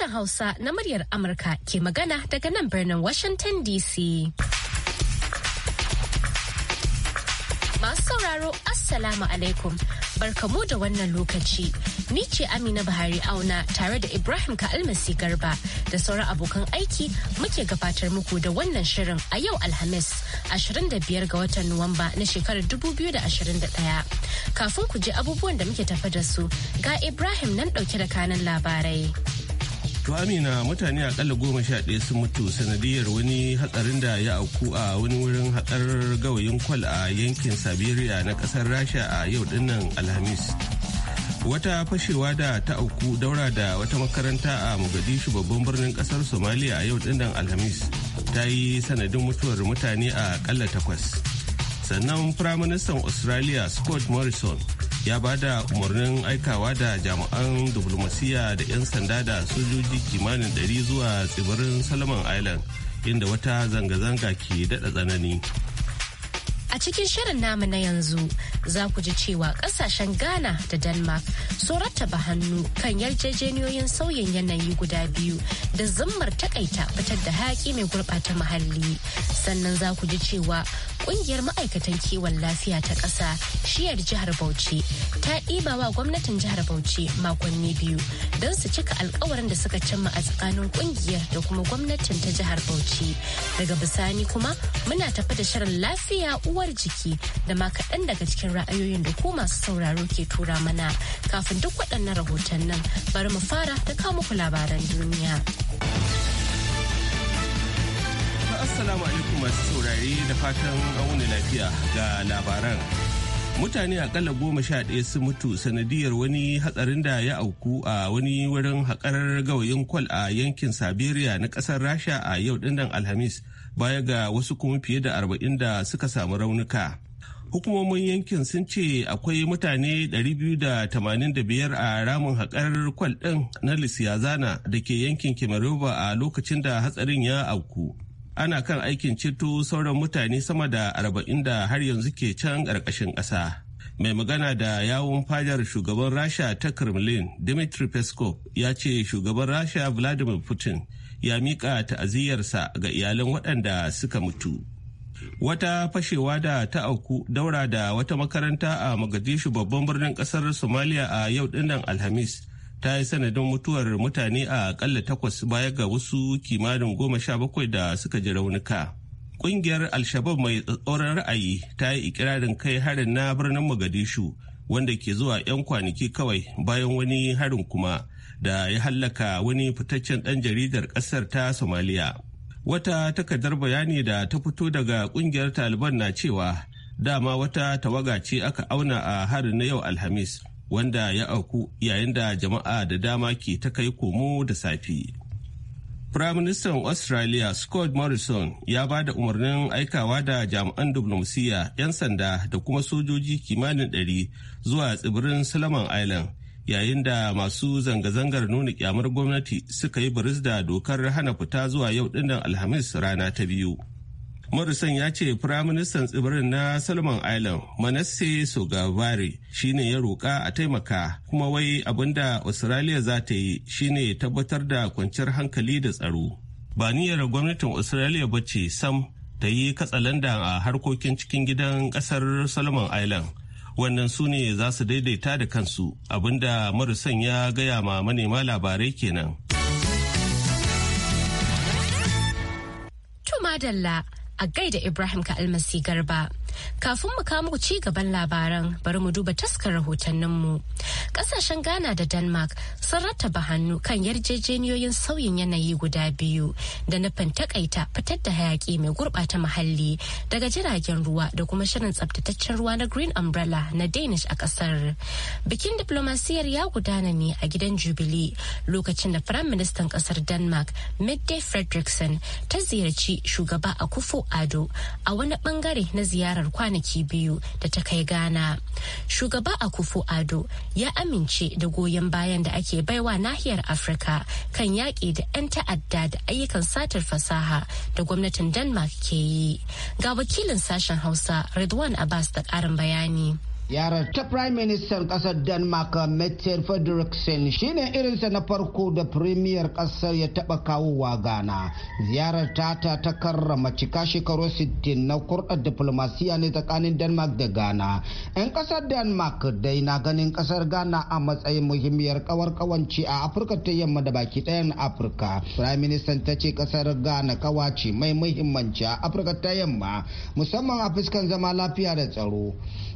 sashen Hausa na muryar Amurka ke magana daga nan birnin Washington DC. Masu sauraro Assalamu alaikum barkamu da wannan lokaci. Ni ce Amina Buhari auna tare da Ibrahim Ka'almasi Garba da sauran abokan aiki muke gabatar muku da wannan shirin a yau Alhamis 25 ga watan Nuwamba na shekarar 2021. Kafin ku je abubuwan da muke tafa da su ga Ibrahim nan dauke da kanan labarai. To Amina mutane akalla goma sha ɗaya sun mutu sanadiyar wani hatsarin da ya auku a wani wurin hatsar gawayin kwal a yankin Siberia na ƙasar Rasha a yau dinnan Alhamis. Wata fashewa da ta auku daura da wata makaranta a Mogadishu babban birnin ƙasar Somalia a yau dinnan Alhamis ta yi sanadin mutuwar mutane a ƙalla takwas. Sannan Firaministan Australia Scott Morrison ya ba da umarnin aikawa da jami'an diplomasiya da 'yan sanda da sojoji kimanin 100 zuwa tsibirin solomon island inda wata zanga-zanga ke daɗa tsanani cikin shirin namu na yanzu za ku ji cewa kasashen Ghana da Denmark tsorata ba hannu kan yarjejeniyoyin sauyin yanayi guda biyu da zammar takaita fitar da haƙi mai gurɓata muhalli. Sannan za ku ji cewa ƙungiyar ma'aikatan kiwon lafiya ta ƙasa shiyar jihar Bauchi ta ɗiba wa gwamnatin jihar Bauchi makonni biyu don su cika alkawarin da suka cimma a tsakanin ƙungiyar da kuma gwamnatin ta jihar Bauchi. Daga bisani kuma muna tafi da shirin lafiya uwar jiki da ma kaɗan daga cikin ra'ayoyin da ku masu sauraro ke tura mana kafin duk waɗannan rahoton nan bari mu fara da muku labaran duniya. Assalamu alaikum masu saurare da fatan auni lafiya ga labaran. Mutane akalla goma sha ɗaya sun mutu sanadiyar wani hatsarin da ya auku a wani wurin haƙar gawayin kwal a yankin Siberia na ƙasar Rasha a yau ɗinnan Alhamis baya ga wasu kuma fiye da arba'in da suka samu raunuka hukumomin yankin sun ce akwai mutane 285 a ramin haƙar kwal ɗin na lisiyazana da ke yankin kimaruba a lokacin da hatsarin ya auku ana kan aikin ceto sauran mutane sama da arba'in da har yanzu ke can ƙarƙashin ƙasa mai magana da yawun fadar shugaban rasha ta kremlin dmitry peskov ya ce shugaban rasha vladimir putin ya miƙa ta'aziyyarsa ga iyalan waɗanda suka mutu. Wata fashewa da ta auku daura da wata makaranta a Mogadishu babban birnin ƙasar Somalia a yau dinnan Alhamis ta yi sanadin mutuwar mutane a ƙalla takwas baya ga wasu kimanin goma sha bakwai da suka ji raunuka. Ƙungiyar Alshabab mai tsatsauran ra'ayi ta yi ikirarin kai harin na birnin Mogadishu wanda ke zuwa 'yan kwanaki kawai bayan wani harin kuma da ya hallaka wani fitaccen ɗan jaridar ƙasar ta somaliya wata takardar bayani da ta fito daga ƙungiyar taliban na cewa dama wata tawaga ce aka auna a harin na yau alhamis wanda ya auku yayin da jama'a da dama ke ta kai komo da safi Firaministan Australia Scott Morrison ya ba da umarnin aikawa da jami'an diflomasiyya 'yan sanda da kuma sojoji kimanin 100 zuwa tsibirin Solomon Island yayin da masu zanga-zangar nuna kyamar gwamnati suka yi baris da dokar hana fita zuwa yau dinnan alhamis rana ta biyu morrison ya ce firaministan tsibirin na solomon island manasse sogavare shine ya roƙa a taimaka kuma wai abinda australia za ta yi shine tabbatar da kwanciyar hankali da tsaro ba niyyar gwamnatin australia ba ce sam ta yi katsalandan a harkokin cikin gidan kasar solomon island wannan su ne za su daidaita da kansu abinda marusan ya gaya ma manema labarai kenan. Tumadalla a gaida Ibrahim Ka'almasi Garba. Kafin mu kawo muku ci gaban labaran bari mu duba taskar rahotanninmu. Kasashen Ghana da Denmark sun rattaba hannu kan yarjejeniyoyin sauyin yanayi guda biyu da nufin takaita fitar da hayaki mai gurɓata muhalli daga jiragen ruwa da kuma shirin tsabtataccen ruwa na Green Umbrella na Danish a ƙasar. Bikin diplomasiyar ya gudana ne a gidan Jubilee lokacin da Firayim Ministan ƙasar Denmark Mette Frederiksen ta ziyarci shugaba a Akufo Ado a wani bangare na ziyarar kwanaki biyu da ta kai gana Shugaba Akufo Ado ya amince da goyon bayan da ake baiwa nahiyar Afirka kan yaƙi da 'yan ta'adda da ayyukan satar fasaha da gwamnatin Denmark ke yi. Ga wakilin sashen Hausa Ridwan Abbas da ƙarin bayani. Yarar ta Prime Minister kasar Denmark Mette Frederiksen shine irinsa na farko da Premier kasar ya taba kawowa Ghana. Ziyarar ta ta karrama cika shekaru 60 na kurɗar diplomasiya ne tsakanin Denmark da Ghana. 'Yan kasar Denmark dai na ganin kasar Ghana a matsayin muhimmiyar kawar kawanci a Afirka ta yamma da baki ɗayan Afirka. Prime Minister ta ce kasar Ghana kawace mai muhimmanci a Afirka ta yamma musamman a fuskan zama lafiya da tsaro.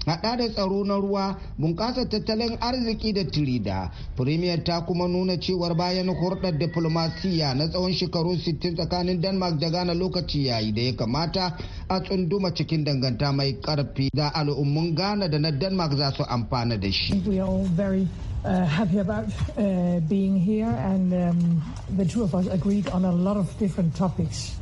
Haɗa da tsaro tsaro na ruwa bunƙasar tattalin arziki da tirida premier ta kuma nuna cewar bayan hurɗar diplomasiya na tsawon shekaru 60 tsakanin denmark da ghana lokaci yayi da ya kamata a tsunduma cikin danganta mai karfi da al'ummun ghana da na denmark za su amfana da shi Uh, happy about uh, being here, and um, the two of us agreed on a lot of different topics.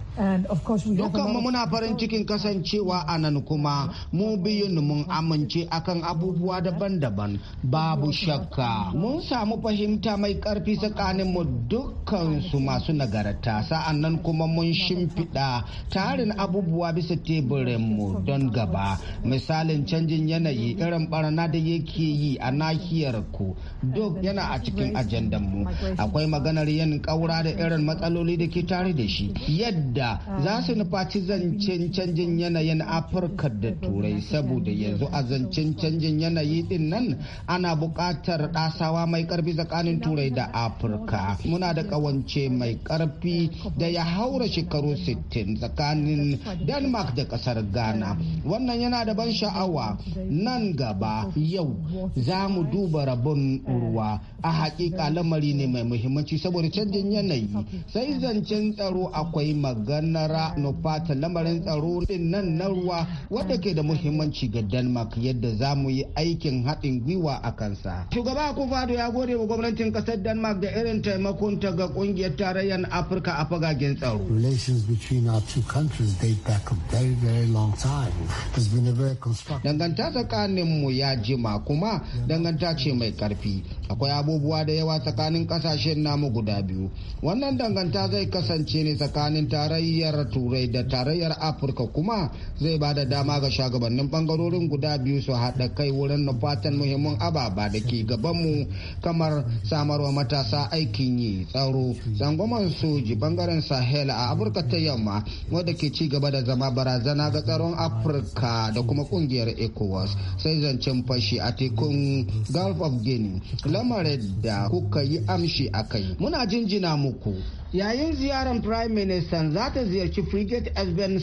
Dukanmu muna farin cikin kasancewa a nan kuma mu biyun mun amince akan abubuwa daban-daban babu shakka. Mun samu fahimta mai karfi tsakaninmu dukkansu masu nagarta sa'an nan kuma mun shimfiɗa tarin abubuwa bisa teburinmu don gaba. Misalin canjin yanayi irin barna da yake yi a nahiyar ku duk yana a cikin ajandanmu. Akwai maganar yin ƙaura da irin matsaloli da ke tare da shi. Yadda da za su nufaci zancen canjin yanayin afirka da turai saboda yanzu a zancen canjin yanayi din nan ana buƙatar ɗasawa mai ƙarfi tsakanin turai da afirka muna da ƙawance mai ƙarfi da ya haura shekaru 60 tsakanin denmark da ƙasar ghana wannan yana da ban sha'awa nan gaba yau za mu duba rabon ruwa a hakika lamari ne mai muhimmanci saboda canjin yanayi sai zancen tsaro akwai magana ganara nufata lamarin tsaro din nan na ruwa wadda ke da muhimmanci ga denmark yadda za mu yi aikin haɗin gwiwa a kansa shugaba kufado ya gode wa gwamnatin ƙasar denmark da irin taimakon ta ga ƙungiyar tarayyar afirka a fagagen tsaro relations between our two countries date back a very very long time has been a very constructive danganta tsakanin mu ya jima kuma danganta ce mai karfi akwai abubuwa da yawa tsakanin ƙasashen namu guda biyu wannan danganta zai kasance ne tsakanin tarayyar tarayyar turai da tarayyar afirka kuma zai ba da dama ga shagabannin bangarorin guda biyu su haɗa kai wurin nufatan muhimmin ababa da ke gabanmu kamar samarwa matasa aikin yi tsaro tsangwamar soji bangaren sahel a afirka ta yamma wadda ke ci gaba da zama barazana ga tsaron afirka da kuma kungiyar ecowas sai zancen fashi a tekun gulf of guinea lamarin da kuka yi amshi a kai muna jinjina muku yayin ziyarar prime minister za ta ziyarci frigate esben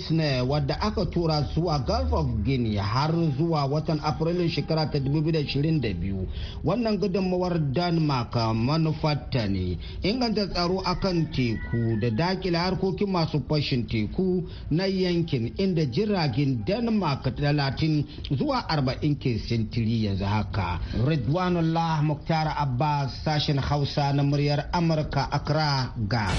wadda aka tura zuwa gulf of guinea har zuwa watan afrilu shekara ta 2022 wannan gudunmawar denmark manufarta ne inganta tsaro akan teku da dakile harkokin masu fashin teku na yankin inda jiragen denmark 30 zuwa 40 ke sintiri yanzu haka ridwanullah muktar abbas sashen hausa na muryar amurka accra ga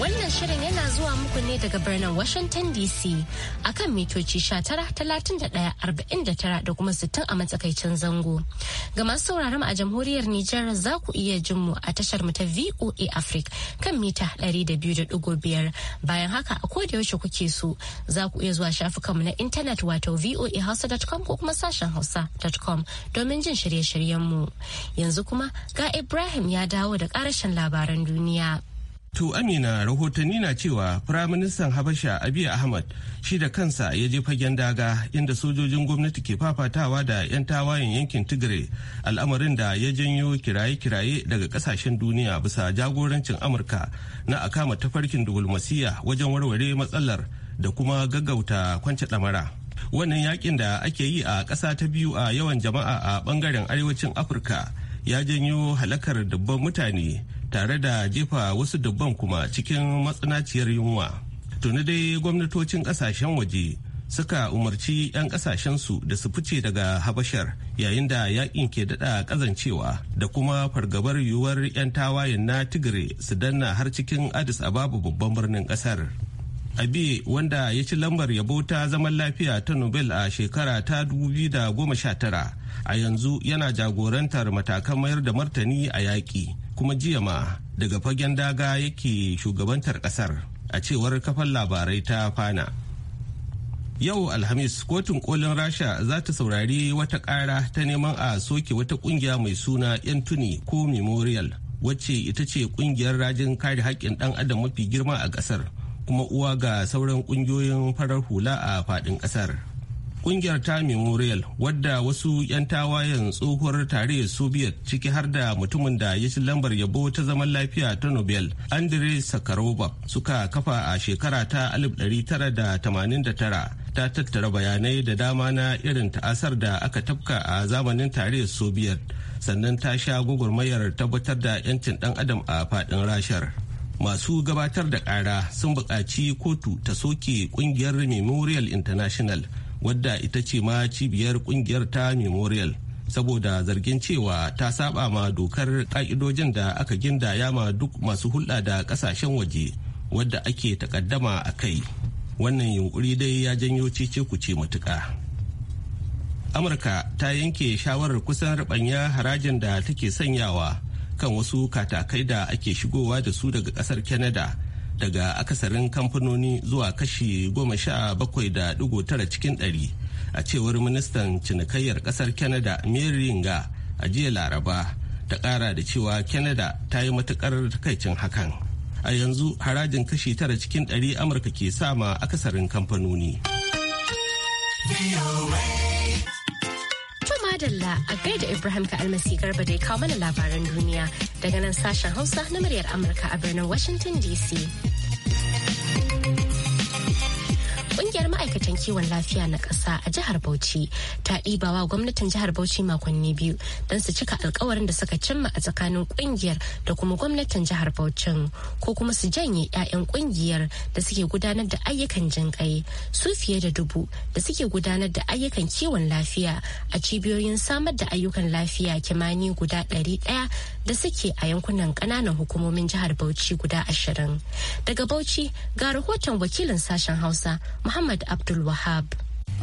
Wannan shirin yana zuwa muku ne daga birnin Washington DC akan mitoci talatin da kuma 60 a matsakaicin zango. Ga masu sauraron a jamhuriyar Nijar za ku iya jin mu a tashar mu ta VOA Africa kan mita 200.5 bayan haka a koda yaushe kuke so za ku iya zuwa shafukanmu na intanet wato voahausa.com ko kuma sashen hausa.com domin jin shirye-shiryen mu. Yanzu kuma ga Ibrahim ya dawo da ƙarashin labaran duniya. To Amina rahotanni na cewa Firaministan Habasha Abiy Ahmad shi da kansa ya je fagen daga inda sojojin gwamnati ke fafatawa da 'yan tawayen yankin Tigray al'amarin da ya janyo kiraye-kiraye daga kasashen duniya bisa jagorancin Amurka na a kama tafarkin dugulmasiya wajen warware matsalar da kuma gaggauta kwance ɗamara. Wannan yakin da ake yi a ƙasa ta biyu a yawan jama'a a ɓangaren arewacin Afirka ya janyo halakar dubban mutane. tare da jefa wasu dubban kuma cikin matsanaciyar yunwa tuni dai gwamnatocin kasashen waje suka umarci 'yan kasashensu da su fice daga habashar yayin da yakin ke daɗa ƙazancewa. da kuma fargabar yiwuwar 'yan tawayen na tigre su danna har cikin addis babu babban birnin kasar abi wanda ya ci lambar yabo ta zaman lafiya ta nobel a shekara ta 2019 a yanzu yana jagorantar matakan mayar da martani a yaƙi kuma jiya ma daga fagen daga yake shugabantar kasar a cewar kafan labarai ta fana yau alhamis kotun kolin rasha za ta saurari wata kara ta neman a soke wata kungiya mai suna yan tuni ko memorial wacce ita ce kungiyar rajin kare haƙƙin ɗan adam mafi girma a ƙasar kuma uwa ga sauran ƙungiyoyin farar hula a faɗin ƙasar Kungiyar ta Memorial wadda wasu 'yan tawayen tsohuwar tarayyar Soviet ciki har da mutumin da ya ci lambar yabo ta zaman lafiya ta Nobel Andrei Sakharov suka kafa a shekara ta 1989 ta tattara bayanai da dama na irin ta'asar da aka tafka a zamanin tarayyar Soviet sannan ta sha gwagwarmayar tabbatar da 'yancin dan adam a fadin rashar. masu gabatar da kara sun buƙaci kotu ta soke ƙungiyar memorial international wadda ita ce ma cibiyar kungiyar ta memorial saboda zargin cewa ta saba ma dokar ka'idojin da aka gindaya ma duk masu hulɗa da ƙasashen waje wadda ake takaddama a kai wannan yunkuri dai ya janyo cece ce matuka. amurka ta yanke shawarar kusan rabanya harajin da take sanyawa kan wasu katakai da ake shigowa da su daga ƙasar canada daga akasarin kamfanoni zuwa kashi goma sha bakwai da digo tara cikin ɗari a cewar ministan cinikayyar kasar canada mary nga a jiya laraba ta kara da cewa canada ta yi matukar takaicin hakan a yanzu harajin kashi tara cikin ɗari amurka ke sama akasarin kamfanoni Madalla a gaida Ibrahim ka almasi garba da ya kawo mana labaran duniya daga nan sashen Hausa na muryar Amurka a birnin Washington DC. ma'aikatan kiwon lafiya na ƙasa a jihar Bauchi ta ɗibawa gwamnatin jihar Bauchi makonni biyu don su cika alkawarin da suka cimma a tsakanin ƙungiyar da kuma gwamnatin jihar Bauchin ko kuma su janye 'ya'yan ƙungiyar da suke gudanar da ayyukan jinƙai su fiye da dubu da suke gudanar da ayyukan kiwon lafiya a cibiyoyin samar da ayyukan lafiya kimani guda ɗari ɗaya da suke a yankunan ƙananan hukumomin jihar Bauchi guda ashirin. Daga Bauchi ga rahoton wakilin sashen Hausa Muhammad Abdul Al-Wahab.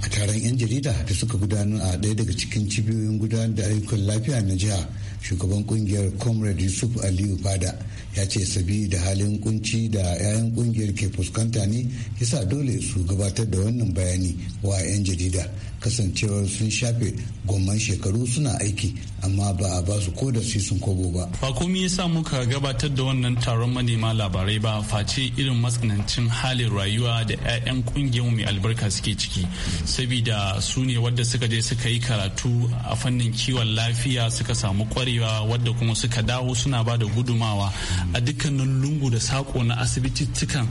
a taron 'yan jarida da suka gudana a ɗaya daga cikin cibiyoyin gudanar da ayyukan lafiya na jiha shugaban kungiyar comrade yusuf aliyu fada ya ce sabi da halin kunci da 'ya'yan kungiyar ke fuskanta ne yasa dole su gabatar da wannan bayani wa 'yan jarida kasancewar sun shafe gomman shekaru suna aiki amma ba a ba su ko da su sun kobo ba. Ba komi sa muka gabatar da wannan taron manema labarai ba face irin matsanancin halin rayuwa da 'ya'yan kungiyar mai albarka suke ciki saboda su ne wadda suka je suka yi karatu a fannin kiwon lafiya suka samu kwarewa wadda kuma suka dawo suna ba da gudumawa a dukkanin lungu da sako na asibitittukan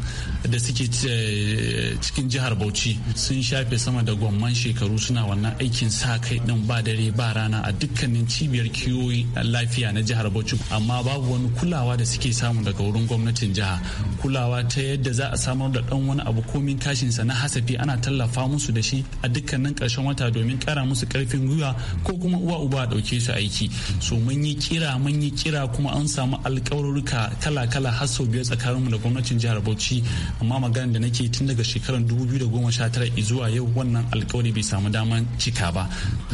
da suke eh, cikin jihar Bauchi sun shafe sama da gomman shekaru suna wannan aikin sa kai din ba dare ba rana a dukkanin cibiyar kiwoyi lafiya na jihar Bauchi amma babu wani kulawa da suke samu daga wurin gwamnatin jiha kulawa ta yadda za a samar da dan wani abu komin kashin sa na hasafi ana tallafa musu da shi a dukkanin karshen wata domin kara musu karfin gwiwa ko kuma uwa uba a dauke su aiki so mun yi kira mun yi kira kuma an samu alƙawarruka kala-kala har sau biyar mu da gwamnatin jihar Bauchi amma magana da nake tun daga shekarar 2019 zuwa yau wannan alƙawari bai samu samu daman cika ba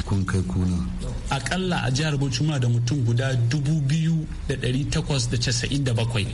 kun akalla a jihar bauchi muna da mutum guda dubu biyu da ɗari takwas da casa'in da bakwai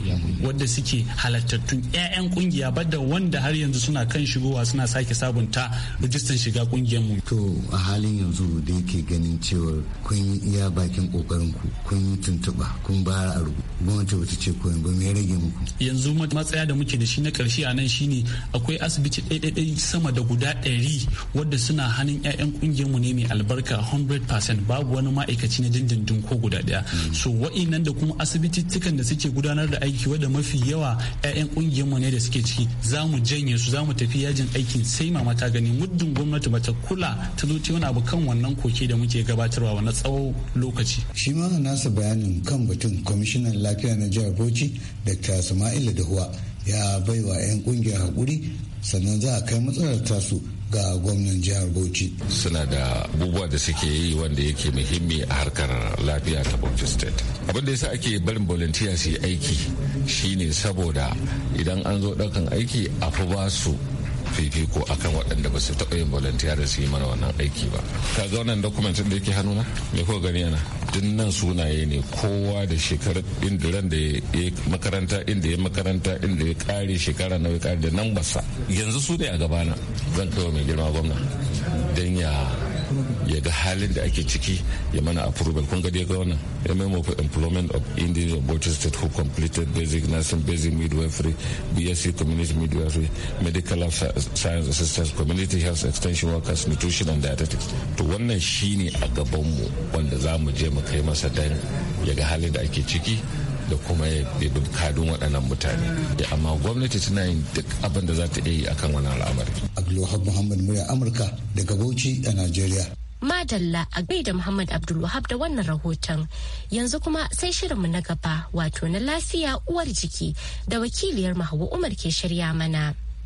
wadda suke halattattun 'ya'yan kungiya bada wanda har yanzu suna kan shigowa suna sake sabunta rijistan shiga kungiyar mu to a halin yanzu da yake ganin cewar kun yi iya bakin kokarin ku kun yi tuntuɓa kun bara a rubu gwamnati wata ce ko ba me rage muku yanzu matsaya da muke da shi na karshe a nan shine akwai asibiti ɗaya sama da guda ɗari wadda suna hana tsakanin 'ya'yan kungiyarmu ne mai albarka 100% babu wani ma'aikaci na dindindin ko guda daya hmm. so wa'innan da kuma asibitittukan da suke gudanar da aiki wadda mafi yawa 'ya'yan kungiyarmu ne da suke ciki za mu janye su za mu tafi yajin aikin sai mama ta gani muddin gwamnati bata kula ta zo ta wani abu kan wannan koke da muke gabatarwa wani tsawon lokaci shi ma nasa bayanin kan batun kwamishinan lafiya na jihar bauchi dr sama'ila dahuwa ya baiwa 'yan kungiyar hakuri sannan za a kai matsalar tasu ga gwamnan jihar bauchi suna da abubuwa da suke yi wanda yake muhimmi a harkar lafiya ta bauchi state abin da yasa ake barin volunteer su yi aiki shine saboda idan an zo ɗaukan aiki a fi ba su fifiko akan waɗanda ba su taɓa yin volunteer da su yi mana wannan aiki ba ka ga wannan dokumentin da yake hannuna me kuka gani yana duk nan sunaye ne kowa da shekarar indiran da ya makaranta inda ya makaranta inda ya kare shekara na ya kare da nan basa yanzu su ne a gabana zan kai wa mai girma gwamna don ya ya ga halin da ake ciki ya mana approval kun ga ga wannan mmo for employment of indian bauchi state who completed basic nursing basic midwifery bsc community midwifery medical science assistance community health extension workers nutrition and dietetics to wannan shine a mu wanda za mu je mu kai masa dan ya ga halin da ake ciki da kuma ya dubi kadun waɗannan mutane amma gwamnati tana yin duk abin da za ta iya yi akan wani al'amari abdulwahab muhammad murya amurka daga bauchi a najeriya madalla a da muhammad abdulwahab da wannan rahoton yanzu kuma sai shirinmu na gaba wato na lafiya uwar jiki da wakiliyar Hauwa umar ke shirya mana.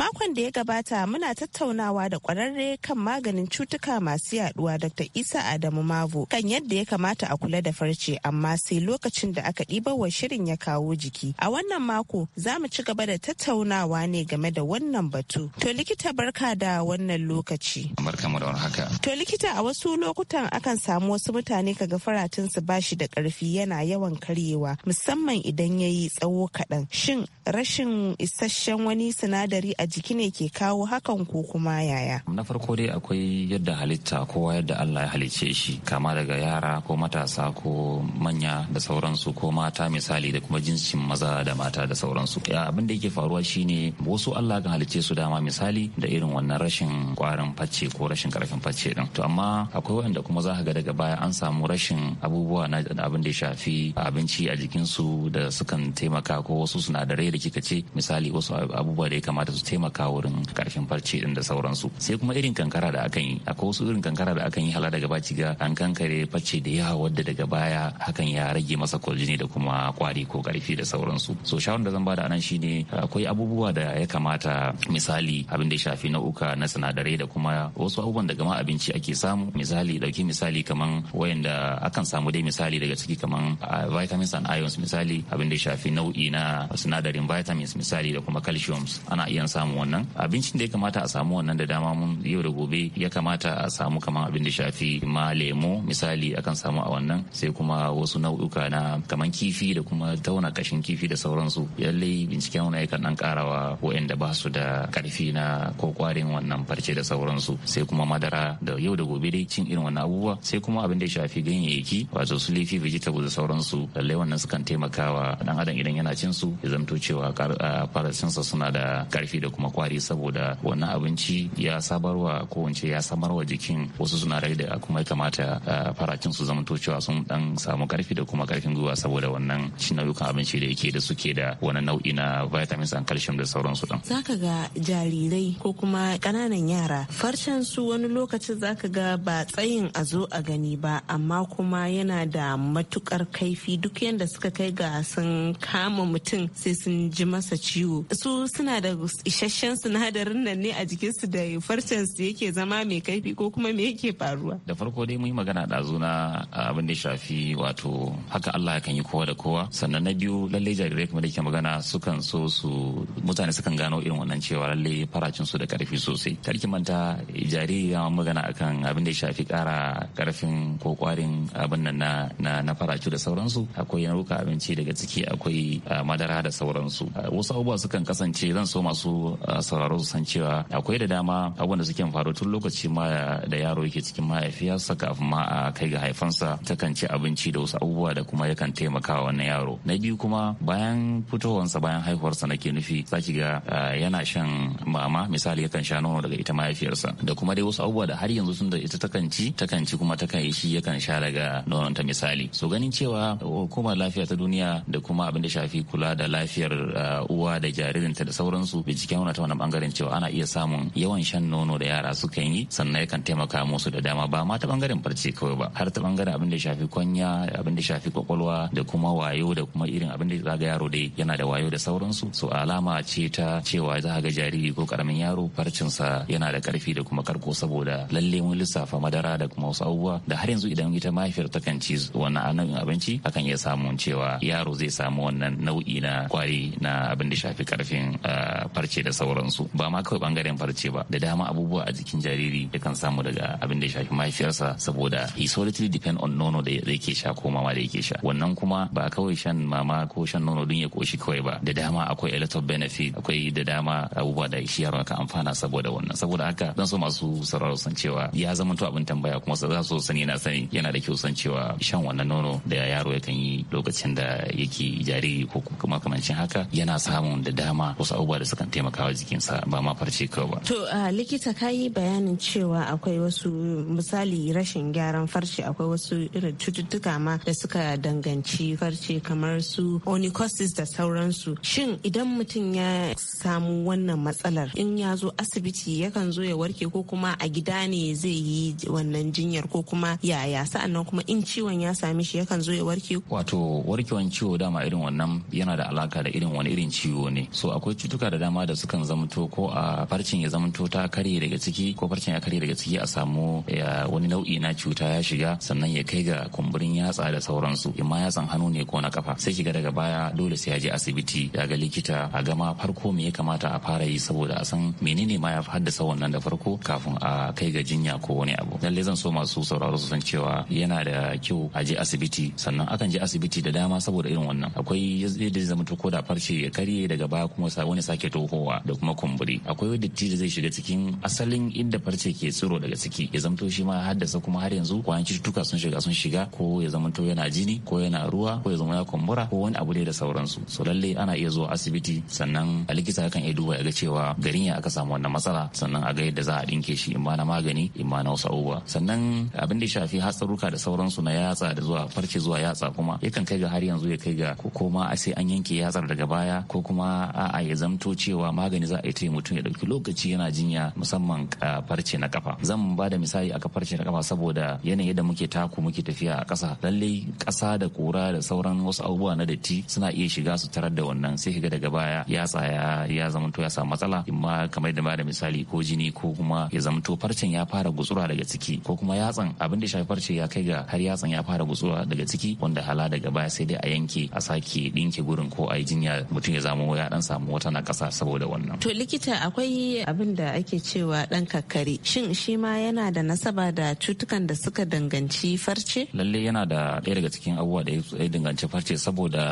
makon da ya gabata muna tattaunawa da kwararre kan maganin cutuka masu yaduwa Dr. Isa Adamu Mavo kan yadda ya kamata a kula da farce amma sai lokacin da aka ɗiba wa shirin ya kawo jiki. A wannan mako za mu ci gaba da tattaunawa ne game da wannan batu. To likita barka da wannan lokaci. To likita a wasu lokutan akan samu wasu mutane kaga faratin ba shi da karfi yana yawan karyewa musamman idan ya yi tsawo kaɗan. Shin rashin isasshen wani sinadari a jiki ne ke kawo hakan ko kuma yaya na farko dai akwai yadda halitta kowa yadda Allah ya halicce shi kama daga yara ko matasa ko manya da sauransu ko mata misali da kuma jinsin maza da mata da sauransu abin da yake faruwa shine wasu Allah kan halicce su dama misali da irin wannan rashin kwarin facce ko rashin karfin facce din to amma akwai waɗanda kuma za ka ga daga baya an samu rashin abubuwa na abin da ya shafi abinci a jikinsu da sukan taimaka ko wasu sinadarai da kika ce misali wasu abubuwa da ya kamata su taimaka taimaka wurin karfin farce din da sauransu sai kuma irin kankara da akan yi akwai wasu irin kankara da akan yi hala daga baci ga an kankare farce da yawa wadda daga baya hakan ya rage masa kwaljini da kuma kwari ko karfi da sauransu so shawarar da zan bada anan shine akwai abubuwa da ya kamata misali abin da ya shafi nau'uka na sinadarai da kuma wasu abubuwan da gama abinci ake samu misali dauki misali kaman wayanda akan samu dai misali daga ciki kaman vitamins and ions misali abin da ya shafi nau'i na sinadarin vitamins misali da kuma calcium ana iya sa samu wannan abincin da ya kamata a samu wannan da dama mun yau da gobe ya kamata a samu kamar abin da shafi ma lemo misali akan samu a wannan sai kuma wasu nau'uka na kamar kifi da kuma tauna kashin kifi da sauransu yalle binciken wannan yakan dan karawa waɗanda ba su da karfi na ko kwarin wannan farce da sauransu sai kuma madara da yau da gobe dai cin irin wannan abubuwa sai kuma abin da ya shafi ganyayyaki wato su leafy vegetables da sauransu lallai wannan sukan taimakawa dan adam idan yana cin su ya zamto cewa farasinsa suna da karfi da da kuma kwari saboda wannan abinci ya sabarwa ko wance ya samarwa jikin wasu sunarai da kuma ya kamata faracin su zama cewa sun dan samu karfi da kuma karfin gwiwa saboda wannan cin nau'ukan abinci da yake da suke da wani nau'i na vitamins and calcium da sauransu din zaka ga jarirai ko kuma kananan yara farcen su wani lokacin zaka ga ba tsayin a zo a gani ba amma kuma yana da matukar kaifi duk yanda suka kai ga sun kama mutum sai sun ji masa ciwo su suna da isasshen sinadarin nan ne a jikinsu da farcen su yake zama mai kaifi ko kuma me yake faruwa da farko dai mun yi magana ɗazu na abin da shafi wato haka Allah ya kan yi kowa da kowa sannan na biyu lallai jarirai kuma da ke magana sukan so su mutane sukan gano irin wannan cewa lallai faracin su da karfi sosai karki manta jariri ya magana akan abin da shafi ƙara karfin ko kwarin abin nan na na, faracu da sauransu akwai ruka abinci daga ciki akwai madara da sauransu wasu abubuwa sukan kasance zan so masu sauraro su san cewa akwai da dama abubuwan da suke faru tun lokaci ma da yaro yake cikin mahaifiyarsa kafin ma a kai ga haifansa kan ci abinci da wasu abubuwa da kuma yakan taimaka wa wannan yaro na biyu kuma bayan fitowarsa bayan haihuwarsa nake nufi zaki ga yana shan mama misali yakan sha nono daga ita mahaifiyarsa da kuma dai wasu abubuwa da har yanzu sun da ita ta kan ci ta kan ci kuma takan yi shi yakan sha daga nononta misali so ganin cewa hukumar lafiya ta duniya da kuma abin da shafi kula da lafiyar uwa da jaririnta da sauransu binciken nuna ta wani bangaren cewa ana iya samun yawan shan nono da yara sukan yi sannan yakan taimaka musu da dama ba ma ta bangaren farce kawai ba har ta bangaren abin da shafi kwanya abin da shafi kwakwalwa da kuma wayo da kuma irin abin da zaga yaro dai yana da wayo da sauransu so alama ce ta cewa za ga jariri ko karamin yaro farcinsa yana da karfi da kuma karko saboda lalle mun lissafa madara da kuma wasu abubuwa da har yanzu idan ita mahaifiyar ta kan ci wannan nau'in abinci akan iya samun cewa yaro zai samu wannan nau'i na kwari na abin da shafi karfin ah, farce da da sauransu ba ma kawai bangaren farce ba da dama abubuwa a jikin jariri kan samu daga abin da ya shafi mahaifiyarsa saboda he solely depend on nono da yake sha ko mama da yake sha wannan kuma ba kawai shan mama ko shan nono din ya koshi kawai ba da dama akwai a benefit akwai da dama abubuwa da shi yaro ka amfana saboda wannan saboda haka zan so masu sauraro san cewa ya zama to abin tambaya kuma za su sani na sani yana da kyau san cewa shan wannan nono da yaro yakan yi lokacin da yake jariri ko kuma kamancin haka yana samun da dama wasu abubuwa da sukan taimaka kawo jikinsa ba ma farce kawai ba. To likita ka yi bayanin cewa akwai wasu misali rashin gyaran farce akwai wasu irin cututtuka ma da suka danganci farce kamar su onychosis da sauransu. Shin idan mutum ya samu wannan matsalar in ya zo asibiti yakan zo ya warke ko kuma a gida ne zai yi wannan jinyar ko kuma yaya sa'annan kuma in ciwon ya sami shi yakan zo ya warke. Wato warkewan ciwo dama irin wannan yana da alaka da irin wani irin ciwo ne. So akwai cutuka da dama da suka sukan zamanto ko a farcin ya zamanto ta karye daga ciki ko farcin ya karye daga ciki a samu eh, wani nau'i na cuta ya shiga sannan ya kai ga kumburin yatsa da sauransu imma yatsan hannu ne ko na kafa sai shiga daga baya dole sai ya je asibiti ya ga likita a gama farko me ya kamata a fara yi saboda a san menene ma ya haddasa wannan da farko kafin a kai ga jinya ko wani abu lalle zan so masu sauraro su san cewa yana da kyau a je asibiti sannan akan je asibiti da dama saboda irin wannan akwai yadda zama ko da farce ya karye daga baya kuma wani sake tohowa da kuma kumburi akwai datti da zai shiga cikin asalin inda farce ke tsiro daga ciki ya zamto shi ma haddasa kuma har yanzu kwayan cututtuka sun shiga sun shiga ko ya zamanto yana jini ko yana ruwa ko ya zama ya kumbura ko wani abu dai da sauransu so lalle ana iya zuwa asibiti sannan a likita yakan iya duba ya ga cewa garin ya aka samu wannan matsala sannan a ga yadda za a dinke shi in ma na magani in ma na wasu abubuwa sannan abin da shafi hatsaruka da sauransu na yatsa da zuwa farce zuwa yatsa kuma yakan kai ga har yanzu ya kai ga ko ma sai an yanke yatsar daga baya ko kuma a'a ya zamto cewa magani za a yi ta mutum ya ɗauki lokaci yana jinya musamman farce na kafa zan ba da misali aka farce na kafa saboda yanayin da muke taku muke tafiya a ƙasa lallai ƙasa da kura da sauran wasu abubuwa na datti suna iya shiga su tarar da wannan sai shiga daga baya ya tsaya ya zamanto ya samu matsala amma kamar da ba da misali ko jini ko kuma ya zamanto farcen ya fara gutsura daga ciki ko kuma yatsan abin da shafi farce ya kai ga har yatsan ya fara gutsura daga ciki wanda hala daga baya sai dai a yanke a sake dinke gurin ko a yi jinya mutum ya zamo ya dan samu wata na ƙasa saboda wannan. To likita akwai abin da ake cewa ɗan kakkari. Shin shi ma yana da nasaba da cutukan da suka danganci farce? Lalle yana da ɗaya daga cikin abubuwa da ya danganci farce saboda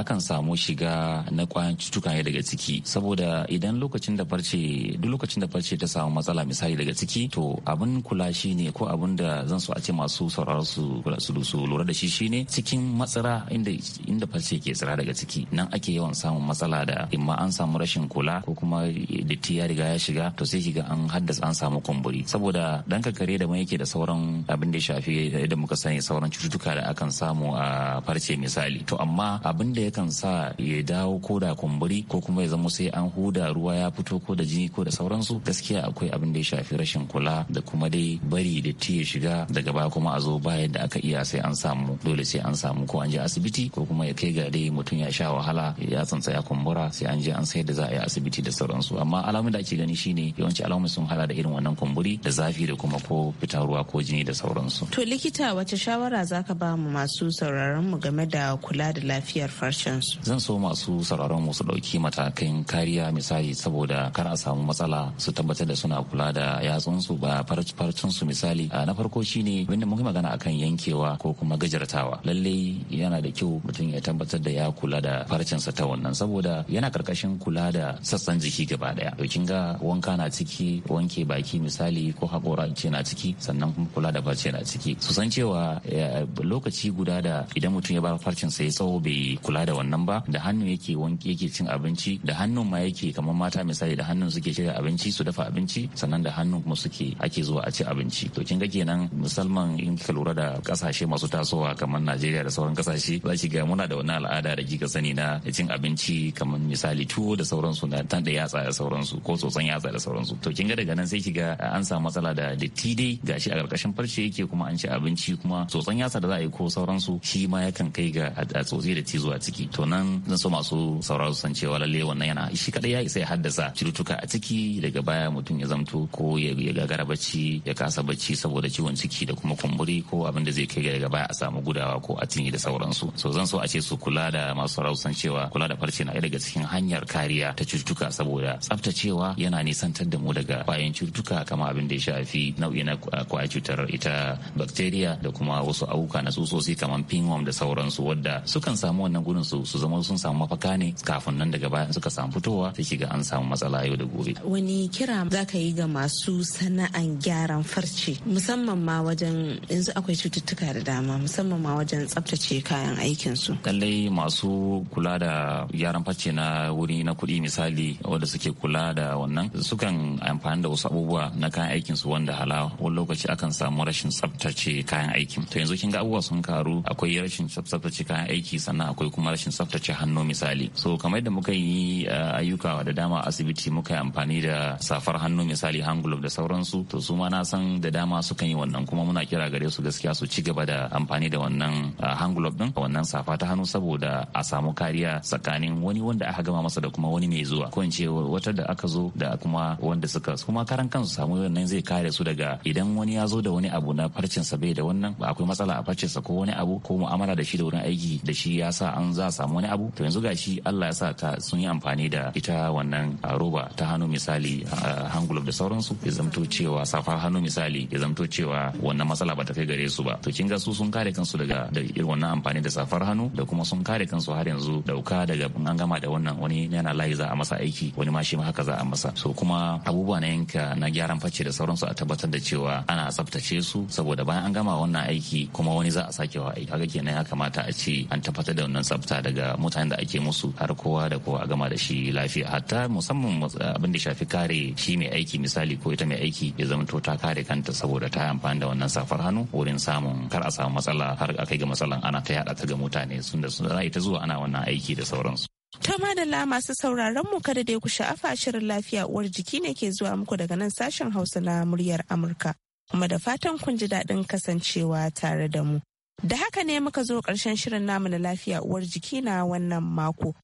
akan samu shiga na kwayan cutukan ya daga ciki. Saboda idan lokacin da farce duk lokacin da farce ta samu matsala misali daga ciki to abin kula shi ne ko abin da zan so a ce masu sauraro su su lura da shi shine cikin matsara inda inda farce ke tsira daga ciki nan ake yawan samun matsala da imma an samu rashin kula ko kuma datti ya riga ya shiga to sai kiga an haddasa an samu kumburi saboda dan kakare da mai yake da sauran abin da ya shafi da muka sani sauran cututtuka da akan samu a farce misali to amma abin da yakan sa ya dawo ko da kumburi ko kuma ya zama sai an huda ruwa ya fito ko da jini ko da sauransu gaskiya akwai abin da ya shafi rashin kula da kuma dai bari datti ya shiga daga baya kuma a zo bayan da aka iya sai an samu dole sai an samu ko an je asibiti ko kuma ya kai ga dai mutum ya sha wahala ya tsantsa ya kumbura sai an je an sai da za a yi asibiti asibiti da sauransu amma alamun da ake gani shine yawanci alamun sun hada da irin wannan kumburi da zafi da kuma ko fitar ruwa ko jini da sauransu to likita wace shawara zaka ba mu masu sauraron mu game da kula da lafiyar farshen su zan so masu sauraron mu su dauki matakan kariya misali saboda kar a samu matsala su tabbatar da suna kula da yatsun su ba farcin su misali na farko shine wanda muke magana akan yankewa ko kuma gajartawa lallai yana da kyau mutum ya tabbatar da ya kula da farcin sa ta wannan saboda yana karkashin kula da sassan jiki gaba daya to kin ga wanka na ciki wanke baki misali ko hakora ce na ciki sannan kuma kula da farce na ciki su san cewa eh, lokaci guda da idan mutum ya bar farcin sa ya tsawo bai kula da wannan ba da hannu yake wanke yake cin abinci da hannun ma yake kamar mata misali da hannun suke shirya abinci su dafa abinci sannan da hannun kuma suke ake zuwa a ci abinci to kin ga kenan musamman in kika lura da kasashe masu tasowa kamar Najeriya da sauran kasashe za ki ga muna da wani al'ada da kika sani na cin abinci kamar misali tuwo da sauransu na ta da yatsa da sauransu ko tsotson yatsa da sauransu to kin ga daga nan sai kiga an samu matsala da datti dai gashi a karkashin farce yake kuma an ci abinci kuma tsotson yatsa da za a yi ko sauransu shi ma yakan kai ga a tsotsi da zuwa ciki to nan zan so masu sauraro san cewa lalle wannan yana shi kadai ya isa ya haddasa cututtuka a ciki daga baya mutum ya zamto ko ya gagara bacci ya kasa bacci saboda ciwon ciki da kuma kumburi ko abin da zai kai ga daga baya a samu gudawa ko a cinye da sauransu so zan so a ce su kula da masu sauraro san cewa kula da farce na daga cikin hanyar kariya ta cututtuka cututtuka saboda tsaftacewa yana nisantar da mu daga kwayoyin cututtuka kama abin da ya shafi nau'i na kwaya cutar ita bacteria da kuma wasu abubuwa na tsutsotsi kamar pinworm da sauransu wadda sukan samu wannan gurin su su zama sun samu mafaka ne kafin nan daga bayan suka samu fitowa ta shiga an samu matsala yau da gobe. Wani kira za ka yi ga masu sana'an gyaran farce musamman ma wajen yanzu akwai cututtuka da dama musamman ma wajen tsaftace kayan aikin su. Lallai masu kula da gyaran farce na wuri na kuɗi misali gari wanda suke kula da wannan sukan amfani da wasu abubuwa na kayan aikin su wanda halawa wani lokaci akan samu rashin tsaftace kayan aikin to yanzu kin ga abubuwa sun karu akwai rashin tsaftace kayan aiki sannan akwai kuma rashin tsaftace hannu misali so kamar da muka yi eh, ayyuka da dama a asibiti muka yi amfani da safar hannu misali hand glove da sauransu to su ma na san da dama sukan yi wannan kuma muna kira gare su gaskiya su ci gaba da amfani da wannan eh, hand glove din wannan safa ta hannu saboda a samu kariya tsakanin wani wanda aka gama masa da kuma wani mai zuwa ko in ce wata da aka zo da kuma wanda suka kuma karan kansu samu wannan zai kare su daga idan wani ya zo da wani abu na farcin sa bai da wannan ba akwai matsala a farcin sa ko wani abu ko mu'amala da shi da wurin aiki da shi ya sa an za samu wani abu to yanzu gashi Allah ya sa ta sun yi amfani da ita wannan roba ta hannu misali hangulab da sauransu ya zamto cewa safar hannu misali ya zamto cewa wannan matsala ba ta kai gare su ba to kin ga su sun kare kansu daga da irin wannan amfani da safar hannu da kuma sun kare kansu har yanzu dauka daga an gama da wannan wani yana layi za a masa aiki wani ma shi ma haka za a masa so kuma abubuwa na yanka na gyaran face da sauransu a tabbatar da cewa ana tsaftace su saboda bayan an gama wannan aiki kuma wani za a sake wa aiki haka kenan ya kamata a ce an tabbatar da wannan tsafta daga mutanen da ake musu har kowa da kowa a gama da shi lafiya hatta musamman abin da shafi kare shi mai aiki misali ko ita mai aiki ya zamanto ta kare kanta saboda ta amfani da wannan safar hannu wurin samun kar a samu matsala har a kai ga matsalan ana ta yada ta ga mutane sun da sun ita zuwa ana wannan aiki da sauransu To madalla masu sauraron mu kada dai ku sha'afa shirin lafiya uwar jiki ne ke zuwa muku daga nan sashen Hausa na muryar Amurka. Kuma da fatan kun ji daɗin kasancewa tare da mu. Da haka ne muka zo ƙarshen shirin namu na lafiya uwar jiki na wannan mako.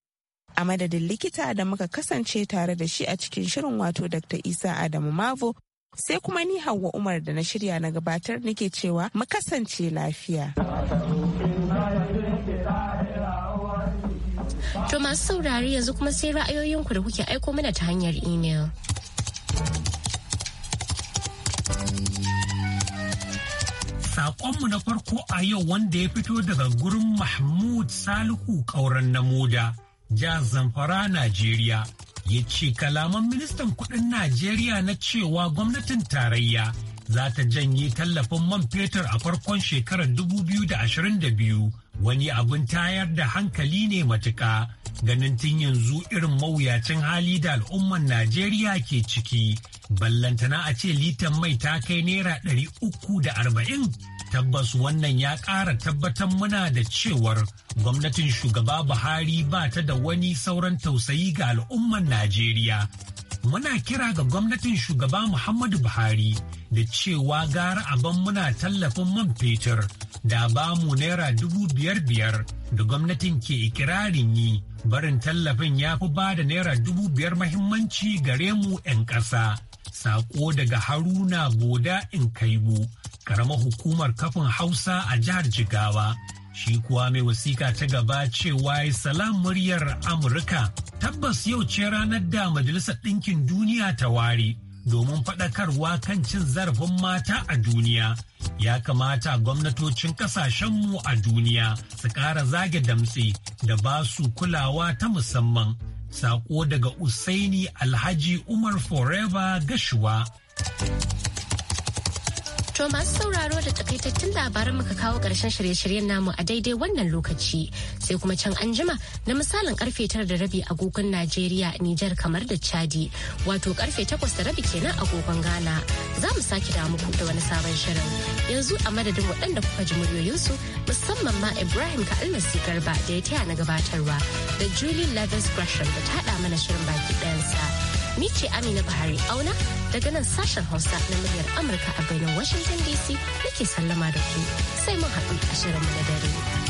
A madadin likita da muka kasance tare da shi a cikin shirin wato Dr. Isa Adamu Mavo sai kuma ni Hauwa Umar da na shirya na gabatar nake cewa mu kasance lafiya. To masu saurari yanzu kuma sai ra'ayoyinku da kuke aiko mana ta hanyar imel. Saƙonmu na farko a yau wanda ya fito daga gurin Mahmud Salihu ƙauran namuda, jihar Zamfara, Najeriya. Ya ce kalaman ministan kudin Najeriya na cewa gwamnatin tarayya za ta janye tallafin man fetur a farkon shekarar 2022 wani abin tayar da hankali ne matuka, ganin tun yanzu irin mawuyacin hali da al'umman Najeriya ke ciki. Ballantana a ce litan mai ta kai naira ɗari uku da arba'in. Tabbas wannan ya ƙara tabbatar muna da cewar gwamnatin shugaba Buhari ba ta da wani sauran tausayi ga al'umman Najeriya. muna kira ga gwamnatin shugaba Muhammadu Buhari da cewa gara aban muna tallafin man fetur da ba mu naira dubu biyar biyar da gwamnatin ke ikirarin yi barin tallafin ya fi ba da naira dubu biyar mahimmanci gare mu 'yan ƙasa. Sako daga Haruna Boda in Kaibu, karamar hukumar kafin Hausa a jihar Jigawa. Shi kuwa mai wasiƙa ta gaba cewa salam muryar Amurka tabbas yau ce ranar da Majalisar Ɗinkin Duniya ta ware domin faɗakarwa kan cin zarafin mata a duniya. Ya kamata gwamnatocin ƙasashenmu a duniya su ƙara zage damtse da ba su kulawa ta musamman. Sako daga Usaini Alhaji Umar Forever Gashuwa. To masu sauraro da takaitattun labaran muka kawo ƙarshen shirye-shiryen namu a daidai wannan lokaci sai kuma can anjima na misalin karfe tara da rabi agogon Najeriya Nijar kamar da Chadi wato karfe takwas da rabi kenan agogon Ghana za mu sake da muku da wani sabon shirin yanzu a madadin waɗanda kuka ji muryoyinsu musamman ma Ibrahim ka almasi garba da ya taya na gabatarwa da Julie Levis Gresham da ta haɗa mana shirin baki ɗayansa. Ni ce Amina Buhari auna daga nan sashen Hausa na muryar Amurka a birnin Washington DC nake sallama da ku sai mun haɗu a mu na dare.